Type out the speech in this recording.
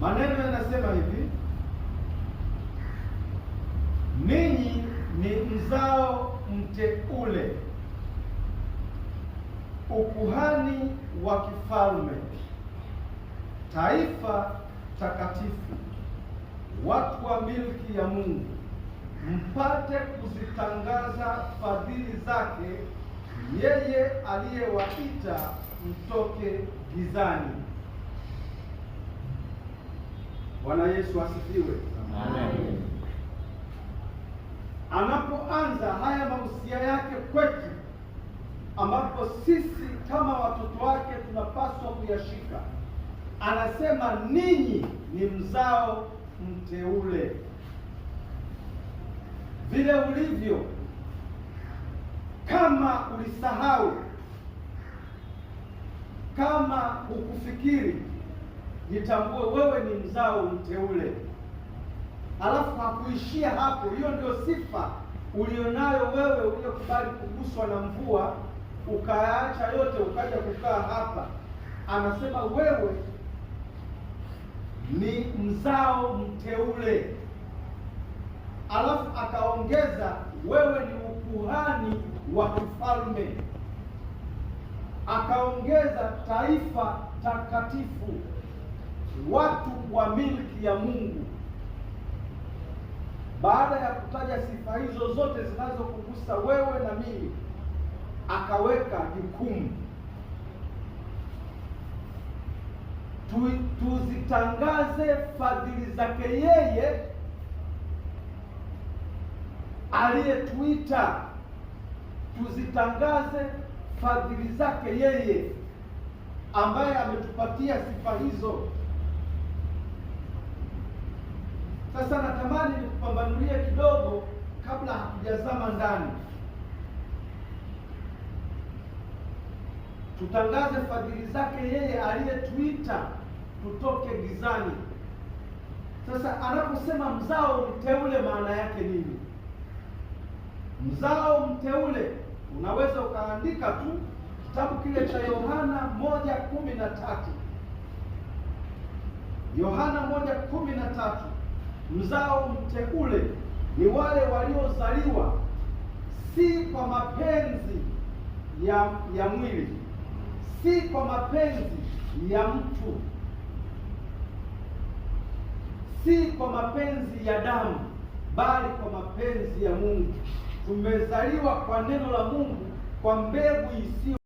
Maneno yanasema hivi, ninyi ni mzao mteule, ukuhani wa kifalme, taifa takatifu, watu wa milki ya Mungu, mpate kuzitangaza fadhili zake yeye aliyewaita mtoke gizani Bwana Yesu asifiwe. Amen. Anapoanza haya mahusia yake kwetu, ambapo sisi kama watoto wake tunapaswa kuyashika, anasema ninyi ni mzao mteule, vile ulivyo kama ulisahau, kama hukufikiri jitambue wewe ni mzao mteule. Alafu hakuishia hapo, hiyo ndio sifa ulionayo wewe uliyokubali kuguswa na mvua ukayaacha yote ukaja kukaa hapa. Anasema wewe ni mzao mteule, alafu akaongeza wewe ni ukuhani wa kifalme, akaongeza taifa takatifu watu wa milki ya Mungu. Baada ya kutaja sifa hizo zote zinazokugusa wewe na mimi, akaweka jukumu tu, tuzitangaze fadhili zake yeye aliyetuita, tuzitangaze fadhili zake yeye ambaye ametupatia sifa hizo. Sasa natamani nikupambanulie kidogo kabla hatujazama ndani. Tutangaze fadhili zake yeye aliyetuita tutoke gizani. Sasa anaposema mzao mteule, maana yake nini? Mzao mteule, unaweza ukaandika tu kitabu kile cha Yohana moja kumi na tatu Yohana moja kumi na tatu Mzao mteule ni wale waliozaliwa si kwa mapenzi ya ya mwili, si kwa mapenzi ya mtu, si kwa mapenzi ya damu, bali kwa mapenzi ya Mungu. Tumezaliwa kwa neno la Mungu, kwa mbegu isiyo